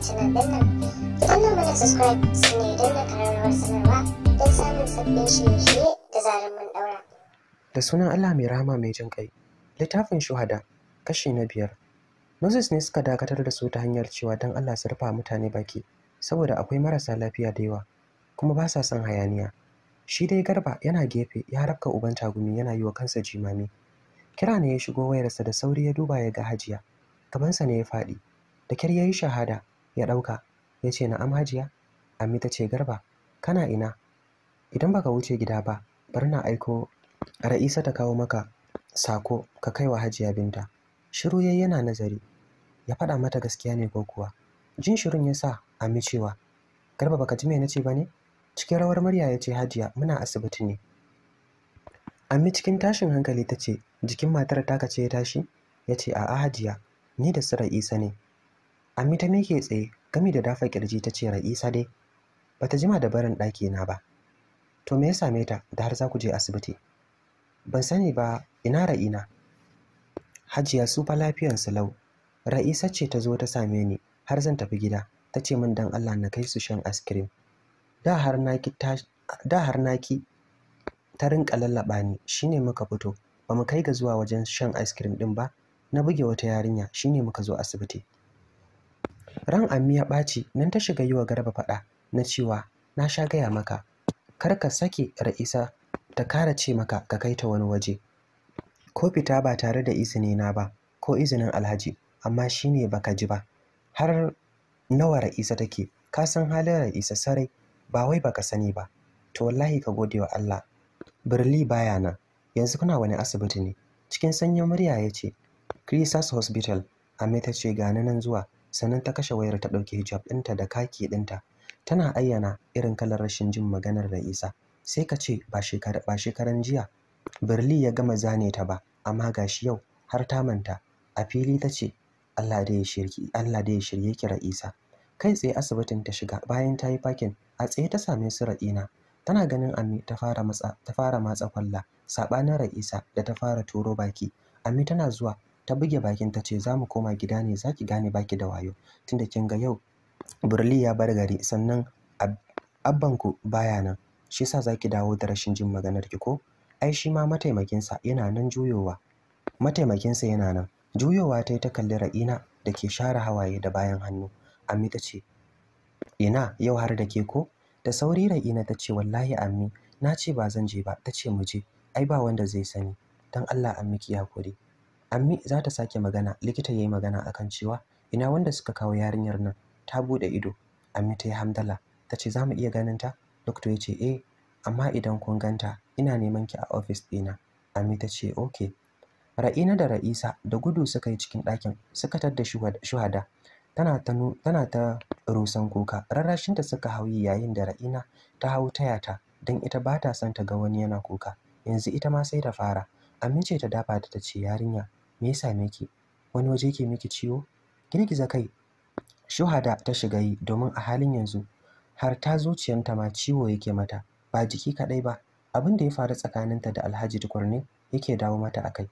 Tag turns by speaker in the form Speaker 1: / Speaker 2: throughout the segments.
Speaker 1: nan subscribe da sunan Allah mai rahama mai jin kai littafin shuhada kashi na biyar Moses ne suka dakatar da su ta hanyar cewa don Allah su rufa mutane baki saboda akwai marasa lafiya da yawa kuma ba sa son hayaniya shi dai garba yana gefe ya rafka uban tagumi yana yi wa kansa jimami kira ne ya shigo wayarsa da sauri ya duba ya ga hajiya gabansa ne ya faɗi da kyar ya yi shahada ya ɗauka ya ce na'am hajiya ammi ta ce garba kana ina idan baka wuce gida ba bari na aiko ra'isa ta kawo maka sako ka kaiwa hajiya binta shiru yayi yana nazari ya faɗa mata gaskiya ne ko kuwa jin shirin ya sa ammi cewa garba baka ji me na ce ba ne cikin rawar murya ya ce hajiya muna asibiti ne ammi cikin tashin hankali ta ce jikin matar taka ce ya tashi ya ce a'a hajiya ni da su ra'isa ne amma ta tsaye gami da dafa kirji ta ce Ra'isa dai bata jima da barin ɗaki na ba. To me ya same ta da har za ku je asibiti? Ban sani ba ina Ra'ina. Hajiya su fa lafiyansu lau. Ra'isa ce ta zo ta same ni har zan tafi gida. Ta ce min dan Allah na kai su shan ice cream. Da har na ki da har na ta rinka lallaɓa ni shine muka fito. Ba mu kai ga zuwa wajen shan ice cream ɗin ba. Na buge wata yarinya shine muka zo asibiti. ran ammi ya ɓaci nan ta shiga yi wa garba faɗa na cewa na sha gaya maka kar ka sake ra'isa ta kara ce maka ka kai ta wani waje ko fita ba tare da izini na ba ko izinin alhaji amma shi shine baka ji ba har nawa ra'isa take ka san halin ra'isa sarai ba wai baka sani ba to wallahi ka gode wa Allah Birli baya nan yanzu kuna wani asibiti ne cikin sanyin murya ya ce Crisas Hospital Ame ta ce gani nan zuwa sannan ta kashe wayar ta ɗauki hijab ɗinta da kaki ɗinta tana ayyana irin kalar rashin jin maganar da isa sai ka ce ba shekaran jiya birli ya gama zane ta ba amma gashi yau har ta manta a fili ta ce allah da ya shirye ki ra'isa kai tsaye asibitin ta shiga bayan ta yi fakin a tsaye ta same su ra'ina tana ganin ami ta fara matsa ta fara matsa kwalla sabanin ra'isa da ta fara turo baki ami tana zuwa ta buge bakin ta ce za mu koma gida ne za ki gane baki da wayo tunda kin ga yau burli ya bar gari sannan abbanku baya nan shi yasa za ki dawo da rashin jin maganar ki ko ai shi ma mataimakinsa yana nan juyowa mataimakinsa yana nan juyowa ta yi ta kalli ra'ina da ke share hawaye da bayan hannu ammi ta ce ina yau har da ke ko da sauri ra'ina ta ce wallahi ammi na ce ba zan je ba ta ce mu je ai ba wanda zai sani don allah ammi ki hakuri Ammi za ta sake magana, likita ya yi magana a kan cewa ina wanda suka kawo yarinyar nan ta buɗe ido. Ammi ta yi hamdala, ta ce za mu iya ganin ta? Dokta ya ce eh, amma idan kun ganta ina neman ki a ofis ɗina. Ammi ta ce okay. Ra'ina da Ra'isa da gudu suka yi cikin ɗakin suka da shuhada. Tana ta tana ta rusan kuka, rarrashinta suka hauyi yayin da Ra'ina ta hau taya ta don ita ba ta son ta ga wani yana kuka. Yanzu ita ma sai ta fara. Amince ta dafa ta ce yarinya me ya same ki wani waje ke miki ciwo girgiza kai shuhada ta shiga yi domin a halin yanzu har ta zuciyanta ma ciwo yake mata ba jiki kaɗai ba abin da ya faru tsakaninta da alhaji tukurne yake dawo mata akai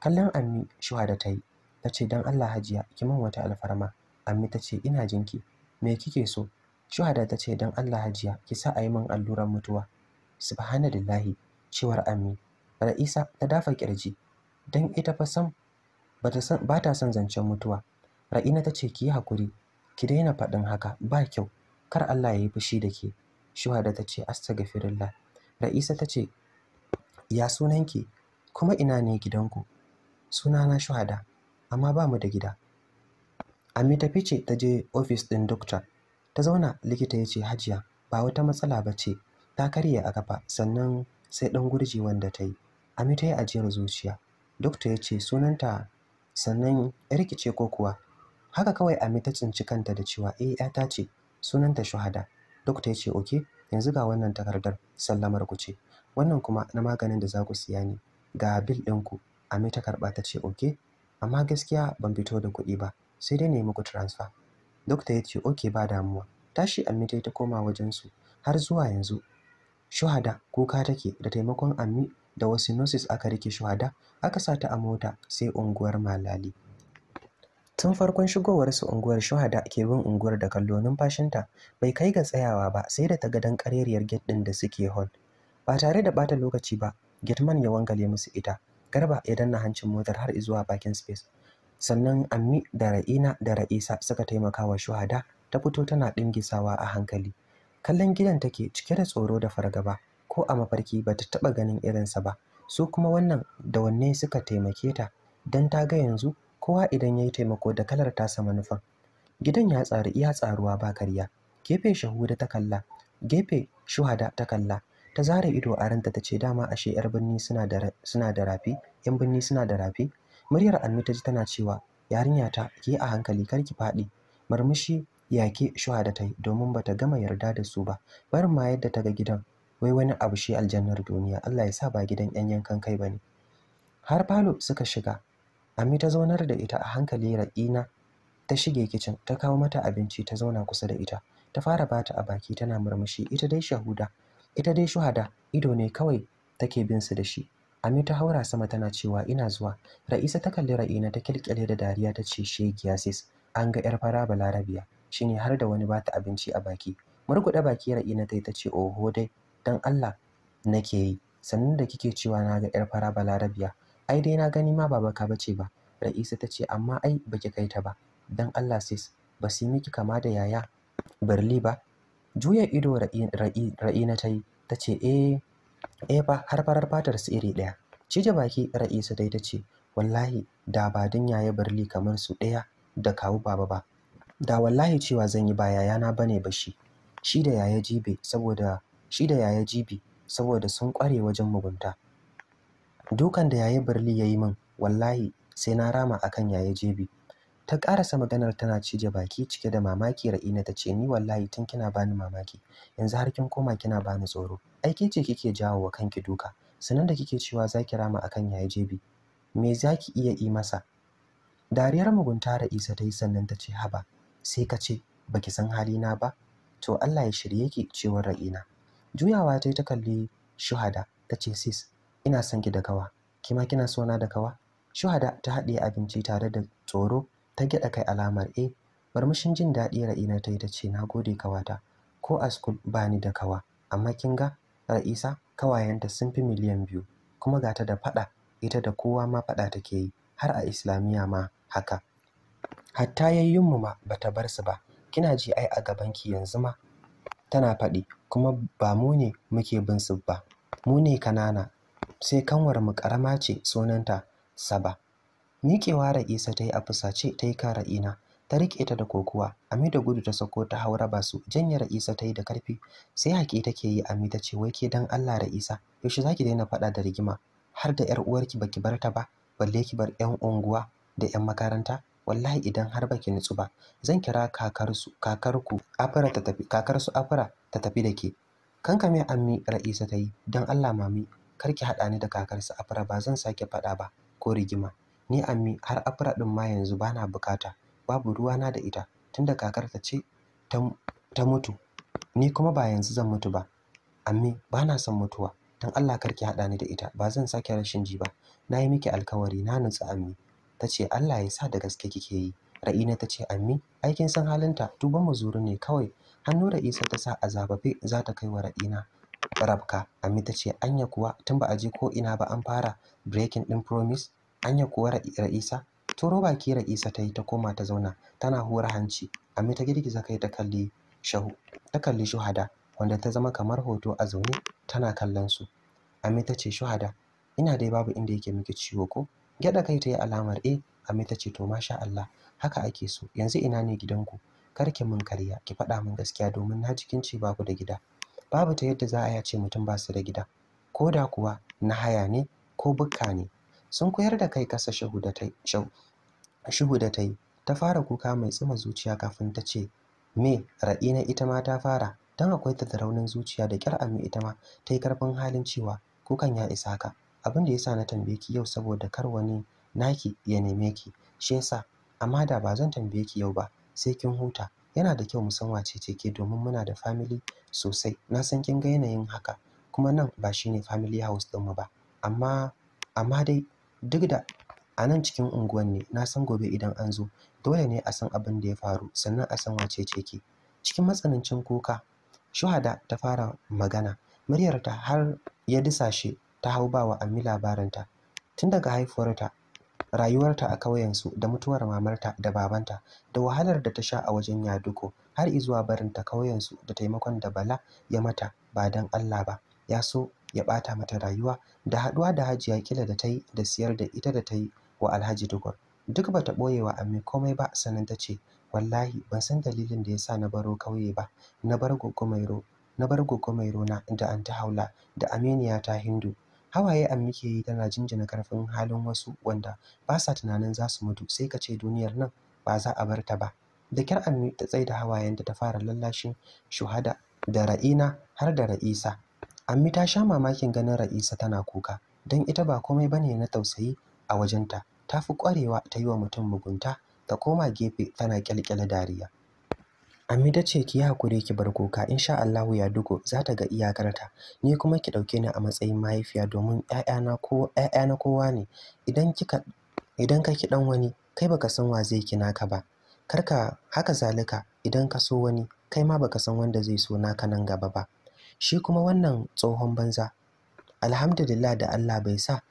Speaker 1: kallon ammi shuhada ta yi ta ce don allah hajiya ki min wata alfarma ammi ta ce ina jinki me kike so shuhada ta ce don allah hajiya ki sa a yi min alluran mutuwa subhanallahi cewar ammi ra'isa ta dafa kirji don ita fa sam ba ta son zancen mutuwa ra'ina ta ce ki yi hakuri ki daina faɗin haka ba kyau kar Allah ya yi fushi da ke shuhada ta ce astaghfirullah ra'isa ta ce ya sunanki kuma ina ne gidanku sunana shuhada amma ba mu da gida ta fice ta je ofis ɗin dokta ta zauna likita ya ce hajiya ba wata matsala ba ce ta karya a kafa sannan sai ɗan gurji wanda ta yi ta yi ajiyar zuciya dokta ya ce sunanta sannan ya rikice ko kuwa haka kawai ami ta tsinci kanta da cewa eh yata ce sunanta shuhada dokta ya ce oke yanzu ga wannan takardar sallamar ku ce wannan kuma na maganin da za ku siya ne ga bil ɗinku ami ta karɓa ta ce oke amma gaskiya ban fito da kuɗi ba sai dai nemi ku transfer dokta ya ce oke ba damuwa tashi ami ta koma wajensu har zuwa yanzu shuhada kuka take da taimakon ami da wasu nurses aka rike shuhada aka sata a mota sai unguwar malali tun farkon shigowarsu unguwar shuhada ke bin unguwar da kallo numfashinta bai kai ga tsayawa ba sai da ta ga kareriyar gate din da suke hon ba tare da bata lokaci ba gitman ya wangale musu ita garba ya danna hancin motar har zuwa bakin space sannan ammi da ra'ina da ra'isa suka taimaka wa shuhada ta fito tana dingisawa a hankali kallon gidan take cike da tsoro da fargaba ko a mafarki ba ta taɓa ganin irinsa ba su kuma wannan da wanne suka taimake ta don ta ga yanzu kowa idan ya yi taimako da kalar tasa manufan gidan ya tsaru iya tsaruwa ba karya gefe shahuda ta kalla gefe shuhada ta kalla ta zare ido a ranta ta ce dama ashe yar birni suna da rafi yan birni suna da rafi muryar annu ta ji tana cewa yarinya ta ki a hankali kar ki faɗi murmushi yake shuhada ta yi domin bata gama yarda da su ba barin ma yadda ta ga gidan wai wani abu shi aljannar duniya Allah ya sa ba gidan yan yankan kai ba ne. har falo suka shiga Ami ta zaunar da ita a hankali raƙina ta shige kicin ta kawo mata abinci ta zauna kusa da ita ta fara bata a baki tana murmushi ita dai shahuda ita dai shuhada ido ne kawai take bin su da shi Ami ta haura sama tana cewa ina zuwa Ra'isa ta kalli Ra'ina ta kilkile da dariya ta ce shegiya an ga yar fara balarabiya shine har da wani bata abinci a baki murguɗa baki Ra'ina ta ce oho dai dan Allah nake yi sannan da kike cewa na ga yar fara balarabiya ai dai na gani ma ba baka bace ba Ra'isa ta ce amma ai baki kai ta ba dan Allah sis ba su miki kama da yaya barli ba juya ido ra'ina ta yi ta ce eh eh ba har farar fatar su iri ɗaya cije baki ra'isa dai ta ce wallahi da ba dun yaya barli kamar su ɗaya da kawu baba ba da wallahi cewa zan yi ba yayana bane ba shi shi da yaya jibe saboda shi da yaya jibi saboda sun ƙware wajen mugunta dukan da yaya birli ya yi min wallahi sai na rama akan yaya jibi ta ƙarasa maganar tana cije baki cike da mamaki ra'ina ta ce ni wallahi tun kina bani mamaki yanzu har kin koma kina bani tsoro aiki ce kike jawo wa kanki duka sanan da kike cewa za ki rama akan yaya jibi me za ki iya yi masa dariyar mugunta ra'isa ta yi sannan ta ce haba sai ka ce baki san halina ba to Allah ya shirye ki cewar ra'ina juyawa ta yi ta kalli shuhada ta ce sis ina son ki da kawa kima kina sona da kawa shuhada ta haɗe abinci tare da tsoro ta gyaɗa kai alamar e eh, barmashin jin daɗi ra'ina ta yi ta ce na gode kawata ko a school ba ni da kawa amma kin ga ra'isa kawayenta sun fi miliyan biyu kuma ga ta da faɗa ita da kowa ma faɗa take yi har a islamiyya ma haka hatta yayyunmu ma bata bar su ba kina ji ai a gabanki yanzu ma tana faɗi kuma ba mu ne muke bin su ba mu ne kanana sai kanwar mu karama ce sunanta saba miƙewa ra'isa ta yi a fusace ta yi ra'ina ta riƙe ta da kokuwa ami da gudu ta sako ta haura ba su Janya ra'isa ta yi da karfi sai haƙi take yi ami ta ce wai ke dan Allah ra'isa yaushe zaki daina faɗa da rigima har da 'yar uwarki baki bar ta ba balle ki bar 'yan unguwa da 'yan makaranta wallahi idan har baki nutsu ba zan kira kakarsu kakarku afira ta tafi kakarsu afira ta tafi da ke kankame ammi ra'isa ta yi don allah mami kar ki haɗa ni da kakarsa afra ba zan sake faɗa ba ko rigima ni ammi har afra ɗin ma yanzu ba na bukata babu ruwa na da ita tunda kakarta ce ta mutu ni kuma ba yanzu zan mutu ba ammi ba na son mutuwa don allah kar ki haɗa ni da ita ba zan sake rashin ji ba na yi miki alkawari na nutsu ammi ta ce allah ya sa da gaske kike yi ra'ina ta ce ammi aikin san halinta tuban mazuru ne kawai hannu Ra'isa ta sa a zababe za ta kai wa Ra'ina rabka amma ta ce anya kuwa tun ba a je ko ina ba an fara breaking din promise anya kuwa Ra'isa turo baki Ra'isa ta yi ta koma ta zauna tana hura hanci amma ta girgiza kai ta kalli shahu ta kalli shuhada wanda ta zama kamar hoto a zaune tana kallon su amma ta ce shuhada ina dai babu inda yake miki ciwo ko gyada kai ta yi alamar eh amma ta ce to masha Allah haka ake so yanzu ina ne gidanku kar ki mun karya ki faɗa min gaskiya domin na cikin ce ku da gida babu ta yadda za a yace mutum ba su da gida ko da kuwa na haya ne ko bukka ne sun koyar da kai kasa shuhu da ta yi ta fara kuka mai tsima zuciya kafin ta ce me raɗi na ita ma ta fara don akwai ta zuciya da kyar ami ita ma ta yi karfin halin cewa kukan ya isa ka abin da yasa na tambaye ki yau saboda kar wani naki ya neme ki shi yasa amma da ba zan tambaye ki yau ba sai kin huta yana da kyau mu san wace ce ke domin muna da family sosai na san kin ga yanayin haka kuma nan ba shi ne family house din mu ba amma amma dai duk da a nan cikin unguwan ne na san gobe idan an zo dole ne a san abin da ya faru sannan a san wace ce ke cikin matsanancin kuka shuhada ta fara magana muryarta har ya disashe ta hau bawa ammi labarinta tun daga haifuwarta rayuwarta a ƙauyensu da mutuwar mamarta da babanta da wahalar da ta sha a wajen yaduko har izuwa barinta ƙauyensu da taimakon da bala ya mata ba don allah ba ya so ya ɓata mata rayuwa da haɗuwa da hajiya kila da ta yi da siyar da ita da ta yi wa alhaji dukur duk ba ta ɓoye wa amin komai ba sannan ta ce wallahi ban san dalilin da ya sa na baro ƙauye ba na bar ro na bar gogomairo na da anti haula da aminiya ta hindu hawaye ammi ke yi tana jinjina karfin halin wasu wanda ba sa tunanin za su mutu sai ka ce duniyar nan ba za a bar ta ba da kyar ammi ta tsaye tsaida da ta fara lallashin shuhada da ra'ina har da ra'isa ammi ta sha mamakin ganin ra'isa tana kuka don ita ba komai bane na tausayi a wajenta ta fi ƙwarewa ta yi wa mutum mugunta ta koma gefe tana kyalkyale dariya Amida ce ki yi hakuri ki bar kuka insha Allahu dugo za ta ga iyakarta. Ni kuma ki ɗauke ni a matsayin mahaifiya domin ƴaƴana ko ƴaƴana kowa ne. Idan kika idan ka ki dan wani kai baka san wa zai ki naka ba. Karka haka zalika idan ka so wani kai ma baka san wanda zai so naka nan gaba ba. Shi kuma wannan tsohon banza alhamdulillah da Allah bai sa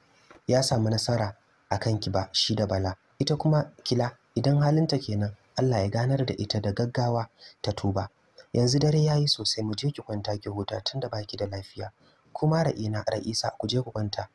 Speaker 1: ya samu nasara akan ki ba shi da Bala. Ita kuma Kila idan halinta kenan Allah ya ganar da ita da gaggawa ta tuba yanzu dare ya yi sosai mu je ki kwanta ki huta tunda baki da lafiya kuma ra'ina ra'isa ku je ku kwanta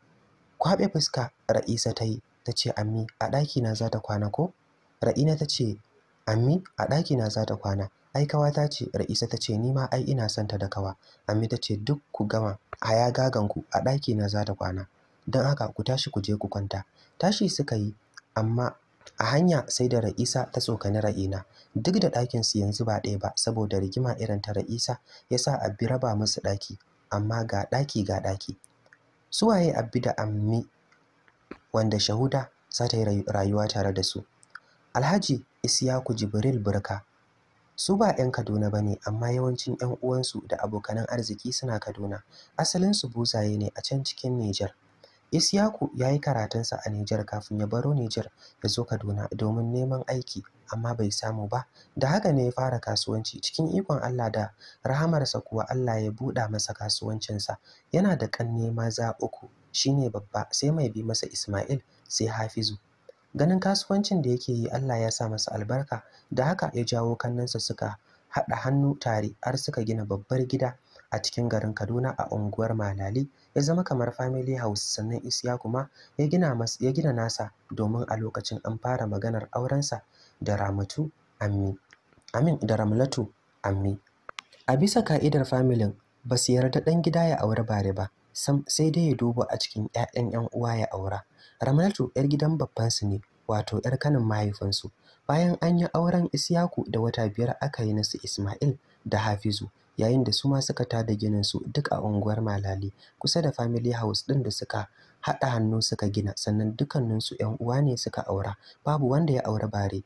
Speaker 1: kwaɓe fuska ra'isa ta yi ta ce ammi a ɗaki na za ta kwana ko ra'ina ta ce ammi a ɗaki na za ta kwana ai ta ce ra'isa ta ce ni ma ai ina son ta da kawa ammi ta ce duk ku gama a ya gaganku a ɗaki na za ta kwana don haka ku tashi ku je ku kwanta tashi suka yi amma a hanya sai da ra'isa ta tsokani ra'ina duk da ɗakin su yanzu ba ɗaya ba saboda rigima irin ta ra'isa ya sa abbi raba musu ɗaki amma ga ɗaki ga ɗaki suwaye abbi da ammi wanda shahuda za ta yi rayuwa tare da su alhaji isiyaku jibril burka su ba 'yan kaduna ba ne amma yawancin 'yan uwansu da abokanan arziki suna kaduna asalinsu buzaye ne a can cikin nijar Isiyaku ya yi karatunsa a Nijar kafin ya baro Nijar ya zo Kaduna domin neman aiki amma bai samu ba. Da haka ne ya fara kasuwanci cikin ikon Allah da rahamarsa kuwa Allah ya buɗa masa kasuwancinsa. Yana da ƙanne maza uku shi ne babba sai mai bi masa Ismail sai Hafizu. Ganin kasuwancin da yake yi Allah ya sa masa albarka da haka ya jawo kannansa suka haɗa hannu tare har suka gina babbar gida a cikin garin Kaduna a unguwar Malali ya zama kamar family house sannan Isiyaku ma ya gina mas ya gina nasa domin a lokacin an fara maganar aurensa da Ramatu Ammi Amin da Ramlatu Ammi a bisa ka'idar familin ba su yarda dan gida ya aure bare ba sam sai dai ya duba a cikin ƴaƴan ƴan uwa ya aura Ramlatu yar gidan babban su ne wato yar kanin mahaifinsu bayan an yi auren Isiyaku da wata biyar aka yi nasu Ismail da Hafizu yayin da su ma suka tada ginin su duk a unguwar Malali kusa da family house din da suka haɗa hannu suka gina sannan dukkanin 'yan uwa ne suka aura babu wanda ya aure bare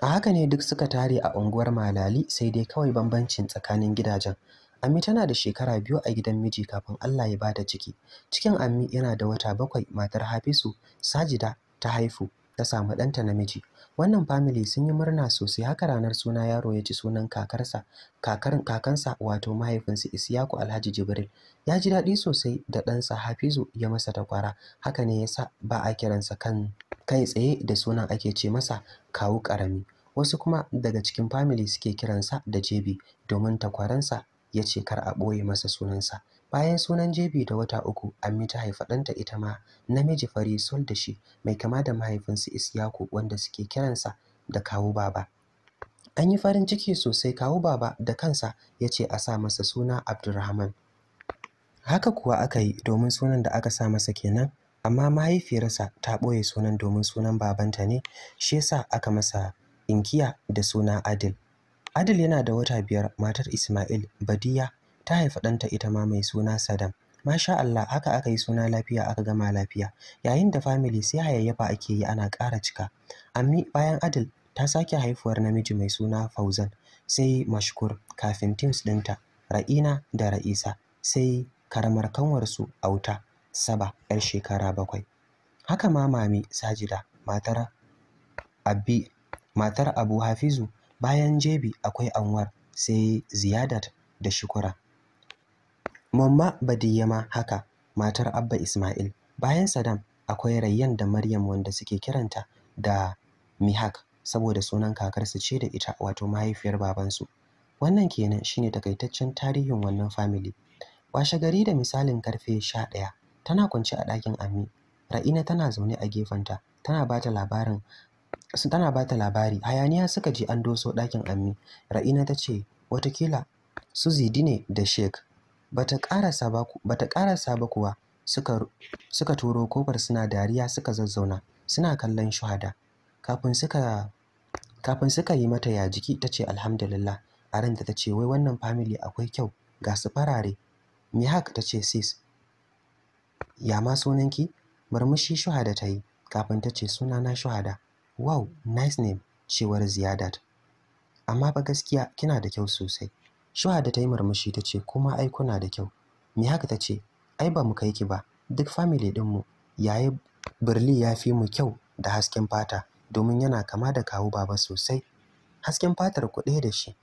Speaker 1: a haka ne duk suka tare a unguwar Malali sai dai kawai bambancin tsakanin gidajen Ami tana da shekara biyu a gidan miji kafin Allah ya bata ciki. Cikin Ami yana da wata bakwai matar Hafisu, Sajida ta haifu ta samu ɗanta namiji. wannan family sun yi murna sosai haka ranar suna yaro ya ci sunan kakarsa kakarin kakansa wato mahaifinsa Isiyaku Alhaji Jibril ya ji daɗi sosai da ɗansa Hafizu ya masa takwara haka ne ya sa ba a kiransa kan kai tsaye da sunan ake ce masa kawu ƙarami wasu kuma daga cikin famili suke kiransa da Jebi domin takwaransa ya ce kar a ɓoye masa sunansa bayan sunan jebi da wata uku ammi ta haifa ɗanta ita ma namiji fari sol da shi mai kama da mahaifinsu isyaku wanda suke kiransa da kawo baba an yi farin ciki sosai kawo baba da kansa ya ce a sa masa suna abdulrahman haka kuwa aka yi domin sunan da aka sa masa kenan amma mahaifiyarsa ta ɓoye sunan domin sunan babanta ne shi yasa aka masa inkiya da suna adil Adil yana da wata biyar matar Ismail Badiya ta haifi ɗanta ita ma mai suna Sadam. Masha Allah haka aka yi suna lafiya aka gama lafiya. Yayin da family sai hayayyafa ake yi ana ƙara cika. Ammi bayan Adil ta sake haifuwar namiji mai suna Fauzan sai Mashkur kafin teams ɗinta Ra'ina da Ra'isa sai karamar kanwarsu Auta Saba 'yar shekara bakwai. Haka ma Mami Sajida matar Abi matar Abu Hafizu bayan jebi, akwai Anwar sai Ziyadat da Shukura Mamma badiyama haka matar Abba Ismail bayan Sadam akwai Rayyan da Maryam wanda suke kiranta da Mihak saboda sunan kakarsu ce da ita wato mahaifiyar babansu wannan kenan shine takaitaccen tarihin wannan family washe gari da misalin karfe 11 tana kwance a ɗakin Ami Ra'ina tana zaune a gefenta tana bata labarin Su tana ba ta labari hayaniya suka je an doso ɗakin ammi ra'ina ta ce watakila su zidi da sheik bata ƙarasa ba kuwa suka, turo kofar suna dariya suka zazzauna suna kallon shuhada kafin suka yi mata ya jiki ta ce alhamdulillah a ranta ta ce wai wannan famili akwai kyau ga su farare mihak ta ce sis ya ma sunanki murmushi shuhada ta yi kafin ta ce sunana shuhada wow nice name cewar ziyadat amma ba gaskiya kina da kyau sosai shuha da ta yi murmushi ta ce kuma ai kuna da kyau me haka ta ce ai ba mu kai ki ba duk family mu yayi birli ya fi mu kyau da hasken fata domin yana kama da kawu baba sosai hasken fatar ku ɗaya da shi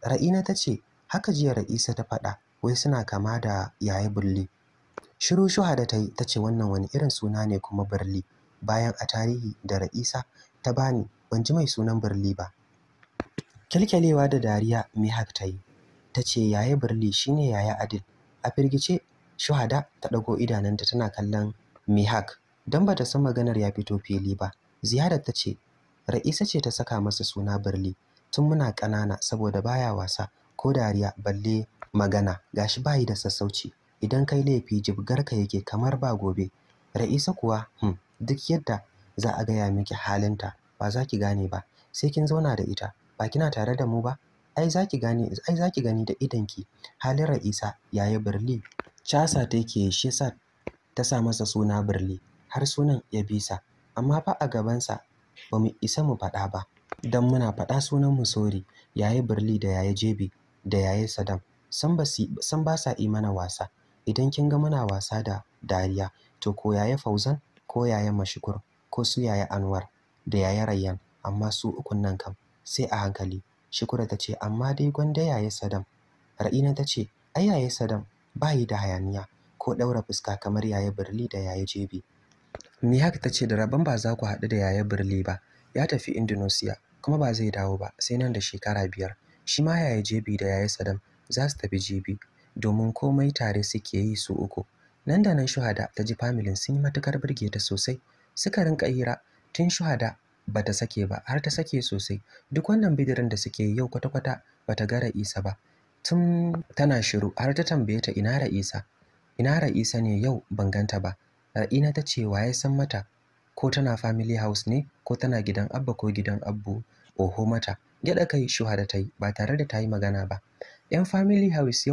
Speaker 1: ra'ina ta ce haka jiya ra'isa ta faɗa wai suna kama da yayi birli shiru shuha da ta yi ta ce wannan wani irin suna ne kuma birli bayan a tarihi da ra'isa ta bani ban ji mai sunan birli ba kyalkyalewa da dariya mihak ta yi ta ce yaya birli shine yaya adil a firgice shuhada ta ɗago idananta tana kallon mihak don ba ta san maganar ya fito fili ba ziyarar ta ce ra'isa ce ta saka masa suna birli tun muna ƙanana saboda baya wasa ko dariya balle magana gashi bayi da sassauci idan kai laifi jibgarka yake kamar ba gobe ra'isa kuwa hmm, duk yadda za a gaya miki halinta ba za ki gane ba sai kin zauna da ita ba kina tare da mu ba ai za ki gane ai za ki gani da idonki halin Ra'isa yaya Birli casa ta yake shi sa ta sa masa suna Birli har sunan ya bisa amma fa a gabansa ba mu isa mu faɗa ba dan muna faɗa sunan mu sori yaya Birli da yaya Jebi da yaya Sadam san ba sa yi mana wasa idan kin ga muna wasa da dariya to ko yaya Fauzan ko yaya Mashukur ko su yaya Anwar da yaya Rayyan amma su ukun nan kam sai a hankali. Shikura ta ce amma dai gwanda yaya Sadam. Ra'ina ta ce ai yaya Sadam ba yi da hayaniya ko ɗaura fuska kamar yaya Birli da yaya Jebi. Mihak ta ce da rabon ba za ku haɗu da yaya Birli ba ya tafi Indonesia kuma ba zai dawo ba sai nan da shekara biyar. Shi ma yaya Jebi da yaya Sadam za su tafi jibi domin komai tare suke yi su uku. Nan da nan shuhada ta ji familin sun yi matukar birge ta sosai suka rinka hira tun shuhada ba ta sake ba har ta sake sosai duk wannan bidirin da suke yau kwata-kwata ba ta ga ra'isa ba tun tana shiru har ta tambaye ta ina ra'isa ina ra'isa ne yau ban ganta ba ra'ina ta ce waye san mata ko tana family house ne ko tana gidan abba ko gidan abbu oho mata gyaɗa kai shuhada ta yi ba tare da ta yi magana ba 'yan family house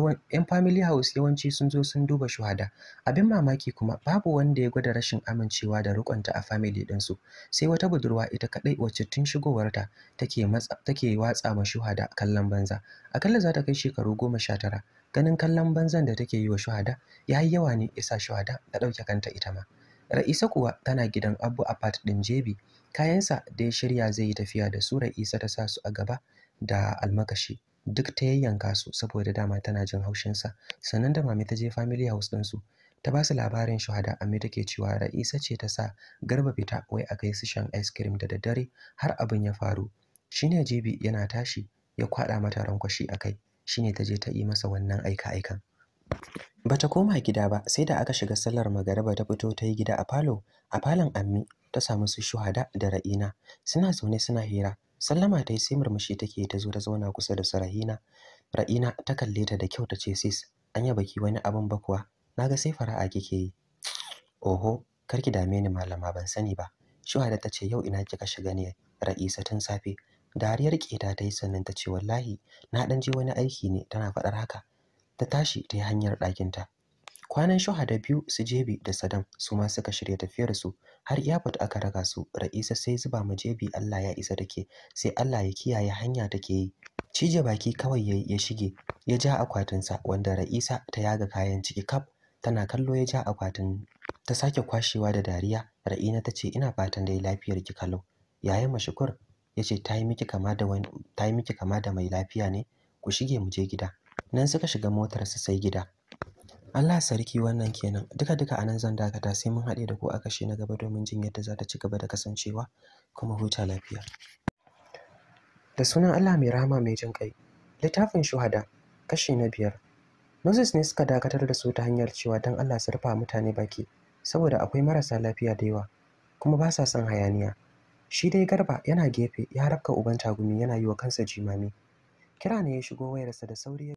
Speaker 1: yawanci sun zo sun duba shuhada abin mamaki kuma babu wanda ya gwada rashin amincewa da rikonta a family ɗinsu sai wata budurwa ita kadai wacce tun shigowarta take watsa ma shuhada kallon banza akalla za ta kai shekaru goma sha tara ganin kallon banzan da take yi wa shuhada ya yi yawa ne isa shuhada ta ɗauke kanta ita ma Ra'isa kuwa tana gidan Abu Apart ɗin Jebi, kayansa da ya shirya zai yi tafiya da su Ra'isa ta sa su a gaba da almakashi. duk ta yayyanka su saboda dama tana jin haushinsa sannan da mami ta je family house su, ta ba su labarin shahada amma take cewa ra'isa ce ta sa garba fita wai a su shan ice cream da daddare har abin ya faru shine jibi yana tashi ya kwada mata rankwashi a kai shine ta je ta yi masa wannan aika aikan bata koma gida ba sai da aka shiga sallar magaraba ta fito ta yi gida a falo a falon ammi ta samu su shuhada da ra'ina suna zaune suna hira sallama ta yi sai murmushi take ta zo ta zauna kusa da su ra'ina ta kalle ta da kyau ta ce sis an yaba ki wani abin bakuwa?" kuwa ga sai fara'a kike yi oho kar ki dame ni malama ban sani ba shuhada ta ce yau ina kika shiga ne ra'isa tun safe dariyar keta ta yi sannan ta ce wallahi na dan je wani aiki ne tana faɗar haka ta tashi ta yi hanyar ɗakinta kwanan shuhada biyu su jebi da sadam su ma suka shirya tafiyar su har airport aka raga su ra'isa sai zuba mu jebi Allah ya isa dake sai Allah ya kiyaye hanya take yi cije baki kawai yayi ya shige ya ja akwatinsa wanda ra'isa ta yaga kayan ciki kaf tana kallo ya ja akwatin ta sake kwashewa da dariya ra'ina ta ce ina fatan dai lafiyar ki kalau yayin mashukur ya ce ta yi miki kama da wani ta yi miki kama da mai lafiya ne ku shige mu je gida nan suka shiga motar su sai gida Allah sarki wannan kenan duka duka anan zan dakata sai mun haɗe da ku a kashe na gaba domin jin yadda za ta ci gaba da kasancewa kuma huta lafiya da sunan Allah mai rahama mai jin kai littafin shuhada kashi na biyar Moses ne suka dakatar da su ta hanyar cewa dan Allah su rufa mutane baki saboda akwai marasa lafiya da yawa kuma ba sa son hayaniya shi dai garba yana gefe ya rabka uban tagumi yana yi wa kansa jimami kira ne ya shigo wayarsa da sauri